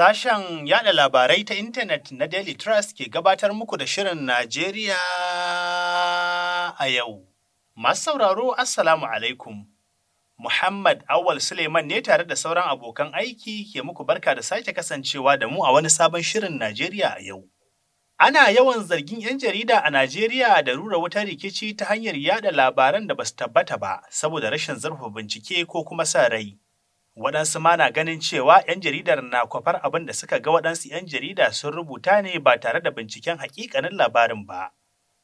Sashen yada labarai ta intanet na Daily Trust ke gabatar muku da Shirin Najeriya a yau. Masu sauraro, Assalamu alaikum. Muhammad Awal Suleiman ne tare da sauran abokan aiki ke muku barka da sake kasancewa da mu a wani sabon Shirin Najeriya a yau. Ana yawan zargin 'yan jarida a Najeriya da rura wutar rikici ta hanyar yada labaran da ba su tabbata ba saboda rashin zarfa bincike ko kuma sa rai. waɗansu ma na ganin cewa 'yan jaridar na kwafar abin da suka ga waɗansu 'yan jarida sun rubuta ne ba tare da binciken haƙiƙanin labarin ba.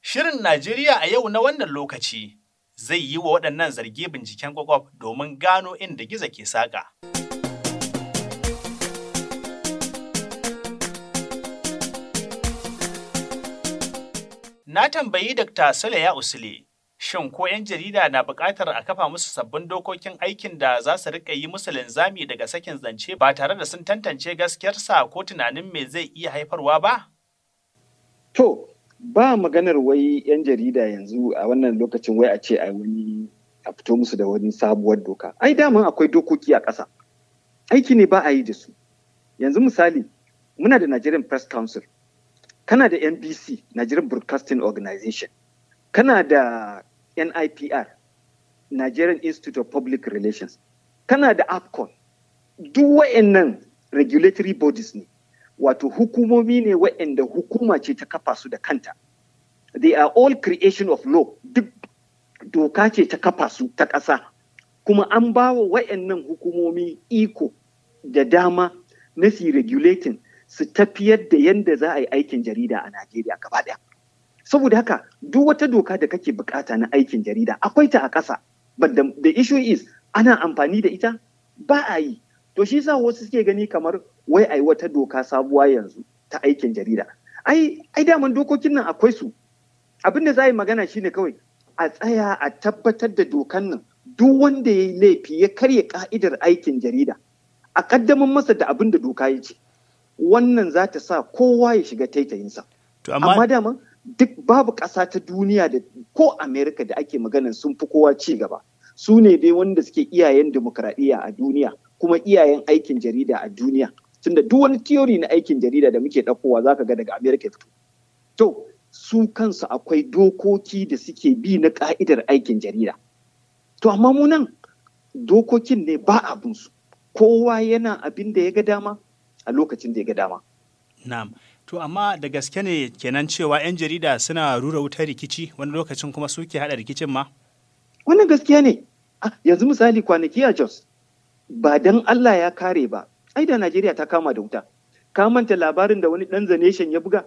Shirin Najeriya a yau na wannan lokaci zai yi wa waɗannan zargi binciken kwakwaf domin gano inda giza ke saƙa. Na tambayi Dr. Sulaya Usule Shin ko 'yan jarida na buƙatar a kafa musu sabbin dokokin aikin da za su riƙa yi musu linzami daga sakin zance ba tare da sun tantance gaskiyarsa ko tunanin me zai iya haifarwa ba? To, ba maganar wai 'yan jarida yanzu a wannan lokacin wai a ce a wani a fito musu da wani sabuwar doka. Ai daman akwai dokoki a ƙasa. Aiki ne ba a yi da su. Yanzu misali, muna da Nigerian Press Council, kana da NBC, Nigerian Broadcasting Organization, kana da NIPR Nigerian Institute of Public Relations tana da APCON duk wa'annan regulatory bodies ne wato hukumomi ne wa'anda hukuma ce ta kafa su da kanta they are all creation of law duk doka ce ta kafa su ta ƙasa kuma an ba wa wa'annan hukumomi iko da dama na regulating su tafiyar da yadda za a yi aikin jarida a Najeriya gaba ɗaya. saboda haka duk wata doka da kake bukata na aikin jarida akwai ta a ƙasa but the, the issue is ana amfani da ita ba a yi to shi sa wasu suke gani kamar wai ai wata doka sabuwa yanzu ta aikin jarida ai ai daman dokokin nan akwai su abin da za a yi magana shine kawai a tsaya a tabbatar da dokan nan duk wanda ya yi laifi ya karya ka'idar aikin jarida a kaddamin masa da abin da doka ya ce wannan za ta sa kowa ya shiga taitayinsa amma daman duk babu ƙasa ta duniya da ko amerika da ake magana sun fi kowa ci gaba su ne dai wanda suke iyayen demokradiyya a duniya kuma iyayen aikin jarida a duniya tunda duk wani tiyori na aikin jarida da muke ɗaukowa zaka ga daga amerika fito to su kansu akwai dokoki da suke bi na ka'idar aikin jarida to amma mu nan dokokin ne ba abinsu kowa yana abin da ya ga dama a lokacin da ya ga dama Na'am. To amma da gaske ne kenan cewa 'yan jarida suna rura wutar rikici wani lokacin kuma suke haɗa rikicin ma? Wannan gaskiya ne. yanzu misali kwanaki a Jos ba dan Allah ya kare ba. Ai da Najeriya ta kama da wuta. Ka manta labarin da wani ɗan zaneshin ya buga?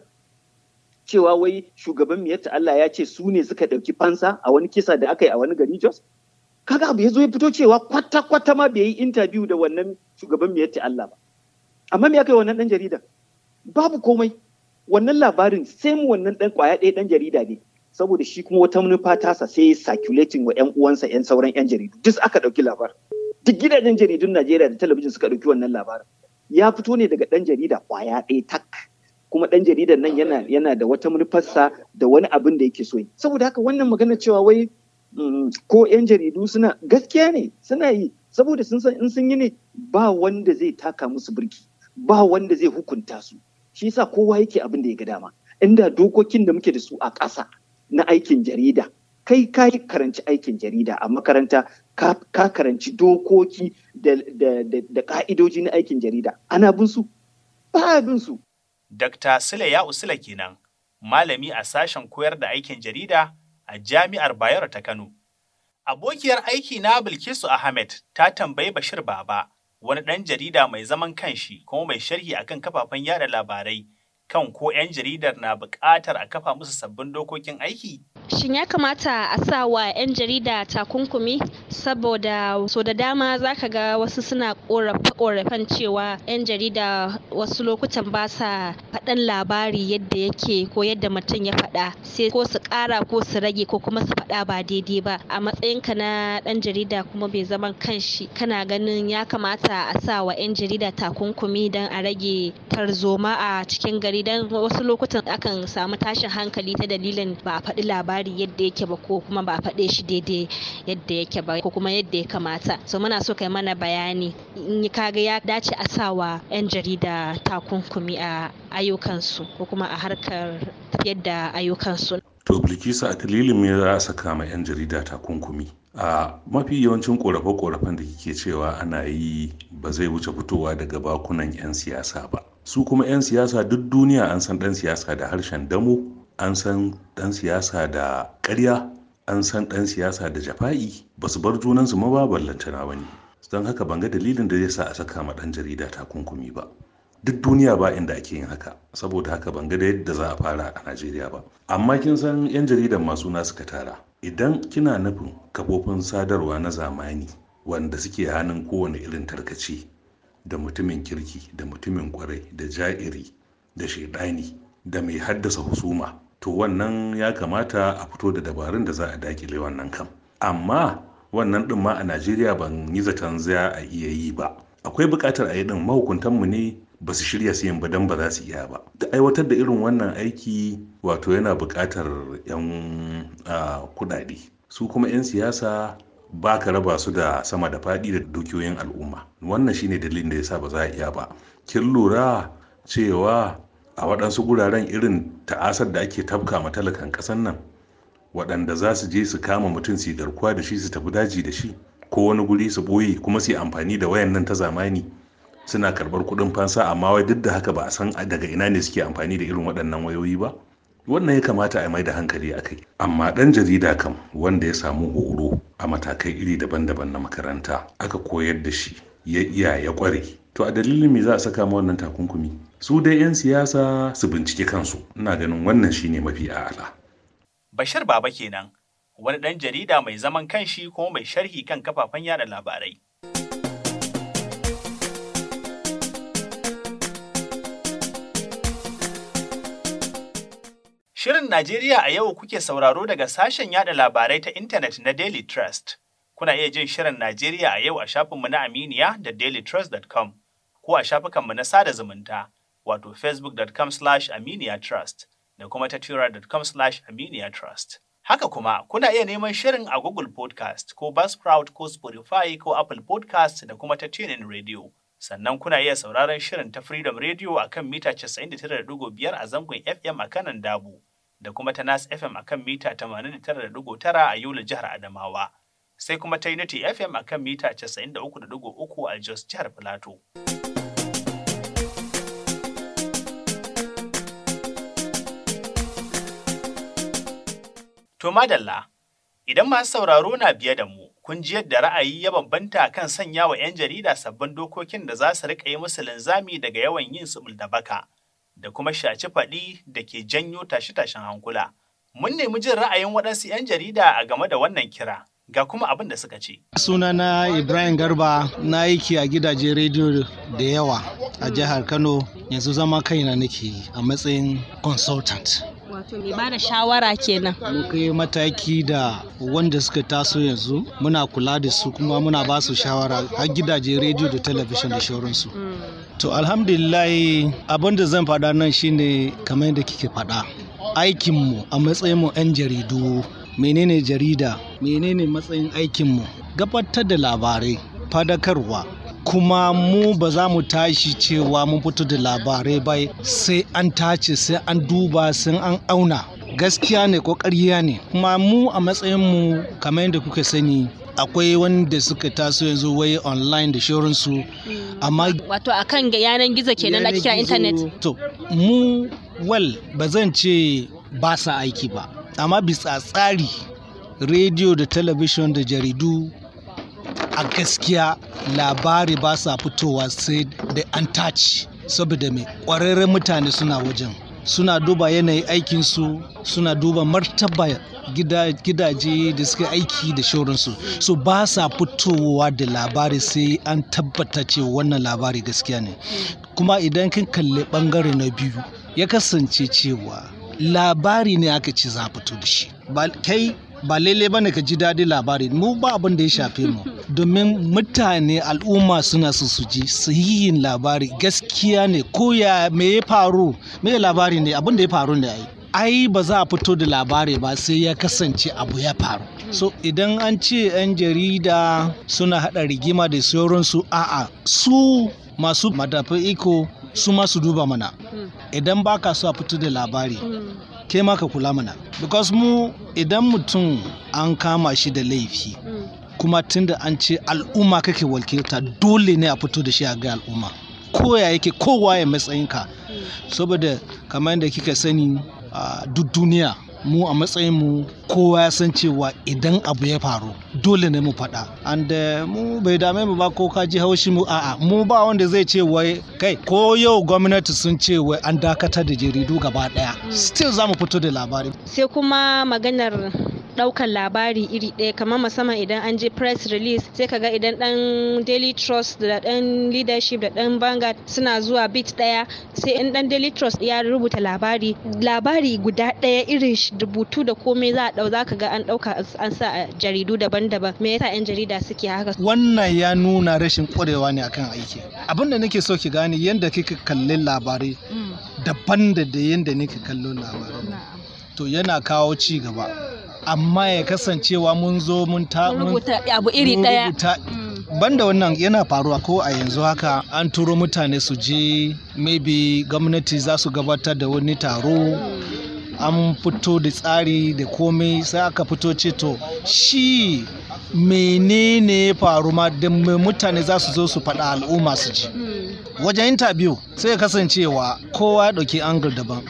Cewa wai shugaban miyatta Allah ya ce su ne suka ɗauki fansa a wani kisa da aka yi a wani gari Jos? Kaga abu ya zo ya fito cewa kwata-kwata ma bai yi intabiyu da wannan shugaban miyatta Allah ba. Amma me aka yi wannan ɗan jaridan? babu komai wannan labarin sai mu wannan dan kwaya ɗaya dan jarida ne saboda shi kuma wata manufa sa sai circulating wa yan uwansa yan sauran yan jaridu duk aka ɗauki labar duk gidajen jaridun Najeriya da talabijin suka ɗauki wannan labarin ya fito ne daga ɗan jarida kwaya ɗaya tak kuma ɗan jaridan nan yana yana da wata manufarsa da wani abin da yake so yi saboda haka wannan magana cewa wai mm, ko yan jaridu suna gaskiya ne suna yi saboda sun san in sun yi ne ba wanda zai taka musu birki ba wanda zai hukunta su shi sa kowa yake abin da ya ga dama inda dokokin da muke da su a ƙasa na aikin jarida kai ka karanci aikin jarida a makaranta ka karanci dokoki da ka'idoji na aikin jarida ana bin su ba bin su Dr. Sule ya usula kenan malami a sashen koyar da aikin jarida a Jami'ar Bayero ta Kano. Abokiyar aiki na Bilkisu Ahmed ta tambayi Bashir Baba wani ɗan jarida mai zaman kanshi kuma mai sharhi akan kafafen yada labarai kan ko 'yan jaridar na buƙatar a kafa musu sabbin dokokin aiki? Shin ya kamata a sa wa 'yan jarida takunkumi saboda so da dama za ka ga wasu suna ƙorafe-ƙorafen cewa 'yan jarida wasu lokutan ba sa faɗan labari yadda yake ko yadda mutum ya faɗa sai ko su ƙara ko su rage ko kuma su faɗa ba daidai ba a matsayinka na ɗan jarida kuma bai zaman kanshi kana ganin ya kamata a sa wa 'yan jarida takunkumi don a rage tarzoma a cikin gari labari wasu lokutan akan samu tashin hankali ta dalilin ba a faɗi labari yadda yake ba ko kuma ba a faɗe shi daidai yadda yake ba ko kuma yadda ya kamata so muna so kai mana bayani in kaga ya dace a sawa 'yan jarida takunkumi a ayyukansu ko kuma a harkar tafiyar da ayyukansu to bilkisa a dalilin me za a saka ma 'yan jarida takunkumi a mafi yawancin korafe-korafen da kike cewa ana yi ba zai wuce fitowa daga bakunan 'yan siyasa ba su kuma 'yan siyasa duk duniya an san ɗan siyasa da harshen damo an san ɗan siyasa da Karya, an san ɗan siyasa da jafa'i ba su bar junansu ma ba ballantana ba ne don haka ban ga dalilin da zai sa a saka ma ɗan jarida takunkumi ba duk duniya ba inda ake yin haka saboda haka ban ga da yadda za a fara a najeriya ba amma kin san 'yan jaridan masu na suka tara idan kina nufin kafofin sadarwa na zamani wanda suke hannun kowane irin tarkace da mutumin kirki da mutumin kwarai da ja'iri da shaidani da mai haddasa husuma to wannan ya kamata a fito da dabarun da za a dakile wannan kam amma wannan din ma a najeriya ban yi zaton za a iya yi ba akwai bukatar a yi din mahukuntanmu ne ba su shirya su yin ba don ba za su iya ba da aiwatar da irin wannan aiki wato yana bukatar 'yan ah, kuɗaɗe su kuma 'yan siyasa ba ka raba su da sama da faɗi da dukiyoyin al'umma wannan shine dalilin da ya sa ba za a iya ba kin lura cewa a waɗansu guraren irin ta'asar da ake tafka ma talakan ƙasan nan waɗanda za su je su kama mutum su garkuwa da shi su tafi daji da shi ko wani guri su ɓoye kuma su amfani da wayan nan ta zamani suna karɓar kuɗin fansa amma wai duk da haka ba a san daga ina ne suke amfani da irin waɗannan wayoyi ba wannan ya kamata a mai da hankali a kai amma ɗan jarida kam wanda ya samu horo a matakai iri daban-daban na makaranta aka koyar da shi ya iya ya ƙware to a dalilin me za a saka ma wannan takunkumi su dai 'yan siyasa su bincike kansu ina ganin wannan shine mafi a'ala bashar baba kenan wani ɗan jarida mai zaman kanshi kuma mai sharhi kan kafafen yada labarai Shirin Najeriya a yau kuke sauraro daga sashen yada labarai ta intanet na Daily Trust. Kuna iya jin Shirin Najeriya a yau a shafinmu na Aminiya da dailytrust.com ko a shafukanmu na sada zumunta wato facebook.com slash aminiyatrust da kuma ta twitter.com slash aminiyatrust. Haka kuma kuna iya neman shirin a Google Podcast ko Buzzsprout ko Spotify ko Apple Podcast da kuma ta TuneIn Radio. sannan kuna iya sauraron shirin ta Freedom Radio a kan mita 99.5 a zangon FM a kanan Dabu da kuma ta Nas FM a kan mita 89.9 a Yola jihar Adamawa, sai kuma ta Unity FM a kan mita 93.3 a Jos jihar Filato. To madalla, idan masu sauraro na biye da mu, kun ji yadda ra'ayi ya bambanta kan sanya wa 'yan jarida sabbin dokokin da za su riƙa yi musu linzami daga yawan yin su da da kuma shaci faɗi da ke janyo tashe-tashen hankula. Mun nemi jin ra'ayin waɗansu 'yan jarida a game da wannan kira. Ga kuma abin da suka ce. Sunana Ibrahim Garba na aiki a gidaje rediyo da yawa a jihar Kano yanzu zama kaina nake a matsayin consultant. wato mai ba da shawara kenan. Mun kai mataki da wanda suka taso yanzu muna kula da su kuma muna ba su shawara har gidaje rediyo da talabijin da shauransu. Hmm. To alhamdulillahi abin da zan faɗa nan shine kamar yadda kike faɗa. Aikinmu a matsayinmu 'yan jaridu menene jarida menene matsayin aikinmu gabatar da labarai fadakarwa kuma mu ba za mu tashi cewa mun fito da labarai ba sai an tace sai an duba sai an auna gaskiya ne ko ƙarya ne kuma mu a matsayinmu kamar yadda kuka sani akwai wanda suka taso yanzu wai online da shorinsu amma wato kan yanar gizo kenan da kira intanet to mu wal ba zan ce ba sa aiki ba amma bisa tsari rediyo da talabishin da jaridu a gaskiya labari ba sa fitowa sai da an touch saboda mai ƙwararren mutane suna wajen suna duba yanayin aikinsu suna duba martaba gidaje da suka aiki da shaurinsu so ba sa fitowa da labari sai an tabbata ce wannan labari gaskiya ne kuma idan kin kalli bangare na biyu ya kasance cewa labari ne aka ce za fito da shi kai ba lele bane ka ji daɗi labari mu ba abin da ya shafe mu domin mutane al'umma suna su suji sahihin labari gaskiya ne ko ya me ya faru me labari ne abin da ya faru ne ai ai ba za a fito da labari ba sai ya kasance abu ya faru so idan an ce 'yan jarida suna hada rigima da sauransu a'a su masu madafa iko su masu duba mana idan ba ka a fito da labari ke ma ka kula mana because mu idan mutum an kama shi da laifi kuma da an ce al'umma kake wakilta dole ne a fito da shi a ga al'umma koya yake kowa ya matsayinka saboda kamar yadda kika sani a duk duniya mu a matsayin mu kowa ya san cewa idan abu ya faru dole ne mu faɗa and eh, mu bai dame mu ba ko ka ji haushi mu a'a mu ba wanda zai ce wai kai ko yau gwamnati sun ce wai an dakatar da jaridu gaba daya still za mu fito da labari sai kuma maganar ɗaukan labari iri ɗaya kamar musamman idan an je press release sai ga idan ɗan daily trust da ɗan leadership da ɗan vanguard suna zuwa bit ɗaya sai in dan daily trust ya rubuta labari labari guda ɗaya irin rubutu da komai za a ɗau za ka ga an ɗauka an sa a jaridu daban-daban me yasa 'yan jarida suke haka wannan ya nuna rashin kwarewa ne akan aiki abin da nake so ki gane yadda kika kalli labarai mm. daban da yadda nake kallon labarai to yana kawo ci gaba amma ya kasancewa mun zo mun ta abu iri daya mm. banda wannan yana faruwa ko a yanzu haka an turo mutane su je maybe gwamnati za su gabatar da wani taro mm. an fito da tsari da komai sai aka fito ce to shi menene ya faru ma da mutane za su zo su faɗa al'umma su ji mm. wajen interview sai kasancewa kowa ya ɗauki angle daban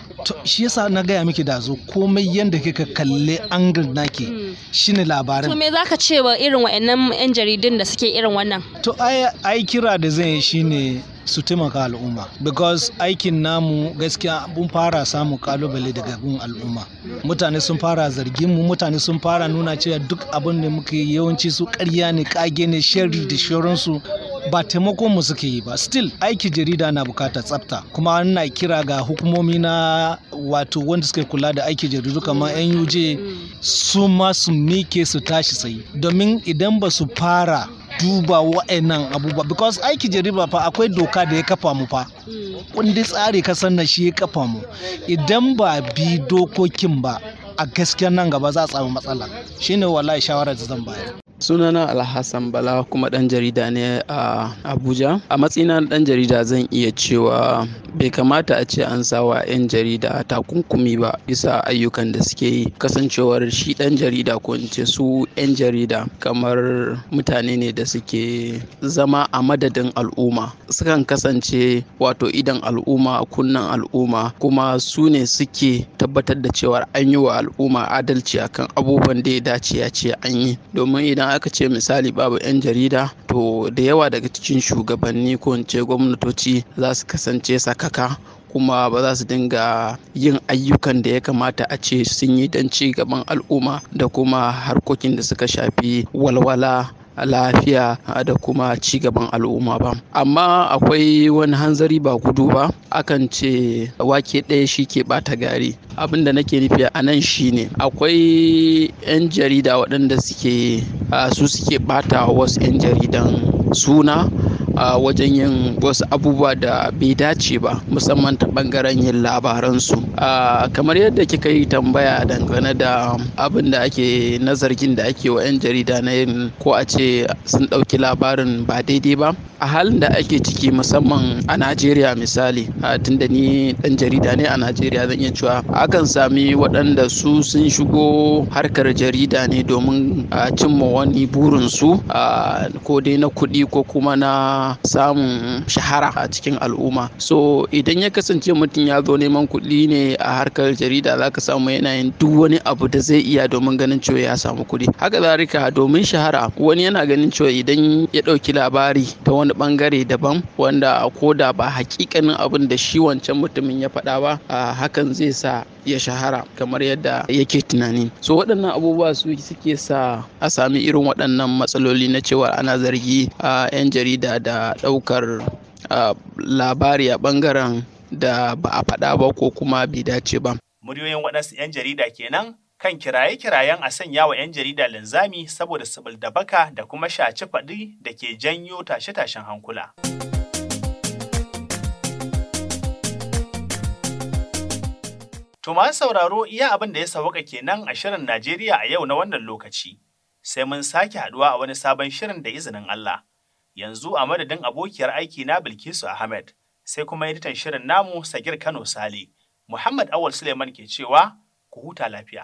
shi yasa na gaya miki da zo komai yadda kika kalle angle naki hmm. shine labarin to me zaka ce wa irin wa'annan yan jaridun da suke irin wannan to ai ai kira da zan yi shine su taimaka al'umma because aikin namu gaskiya mun fara samu kalubale daga gun al'umma mutane sun fara zargin mu mutane sun fara nuna cewa duk abin da muke yawanci su karya ne kage ne sharri da su. ba taimakon mu suke yi ba still aiki jarida na bukatar tsafta kuma ana kira ga hukumomi na wato wanda suke kula da aiki jaridu kamar mm. nuj su ma su mike su tashi sai domin idan ba su fara duba wa'annan abubuwa because aiki jarida fa akwai doka da ya kafa mu fa mm. kundi tsari ka sanna shi ya kafa mu idan ba bi dokokin ba a gaskiya nan gaba za a samu matsala shine wallahi shawara da zan bayar sunana alhassan bala kuma dan jarida ne a abuja a matsina na dan jarida zan iya cewa bai kamata a ce an sawa 'yan jarida takunkumi ba bisa ayyukan da suke yi kasancewar shi dan jarida ko in ce su 'yan jarida kamar mutane ne da suke zama a madadin al'umma sukan kasance wato idan al'umma kunnan al'umma kuma su ne suke tabbatar da cewar an yi wa al'umma adalci akan abubuwan da ya dace ya ce an yi domin idan idan aka ce misali babu 'yan jarida to da yawa daga cikin shugabanni ko in ce gwamnatoci za su kasance sakaka kuma ba za su dinga yin ayyukan da ya kamata a ce sun yi don ci gaban al'umma da kuma harkokin da suka shafi walwala lafiya da kuma ci gaban al'umma ba amma akwai wani hanzari ba gudu ba akan ce wake ɗaya shi ke ɓata gari abinda nake nufi a nan shine akwai 'yan jarida waɗanda suke su suke ɓata wasu 'yan jaridan suna a wajen yin wasu abubuwa da bai dace ba musamman ta bangaren yin labaransu kamar yadda kika yi tambaya dangane da abin da ake na zargin da ake wa 'yan jarida na yin ko a ce sun ɗauki labarin ba daidai ba a halin da ake ciki musamman a najeriya misali tun da ni dan jarida ne a najeriya zan iya cewa akan sami waɗanda su sun shigo harkar jarida ne domin cimma wani burinsu ko dai na kuɗi ko kuma na samun shahara a cikin al'umma so idan ya kasance mutum ya zo neman kuɗi ne a harkar jarida za ka samu yana yin duk wani abu da zai iya domin ganin cewa ya samu kuɗi haka zalika domin shahara wani yana ganin cewa idan ya ɗauki labari ta wani wani bangare daban wanda ko da ba hakikanin abin da shi wancan mutumin ya faɗa ba a hakan zai sa ya shahara kamar yadda yake tunani so waɗannan abubuwa su suke sa a sami irin waɗannan matsaloli na cewa ana zargi a 'yan jarida da ɗaukar labari a bangaren da ba a faɗa ba ko kuma bai dace ba muryoyin waɗansu 'yan jarida kenan kan kiraye-kirayen a sanya wa 'yan jarida linzami saboda sibil da baka da kuma shaci faɗi da ke janyo tashe-tashen hankula. Tumar sauraro iya abin da ya sauka kenan a shirin Najeriya a yau na wannan lokaci, sai mun sake haɗuwa a wani sabon shirin da izinin Allah. Yanzu a madadin abokiyar aiki na Bilkisu Ahmed, sai kuma editan shirin namu Sagir Kano Sale, Muhammad Awal Suleiman ke cewa ku huta lafiya.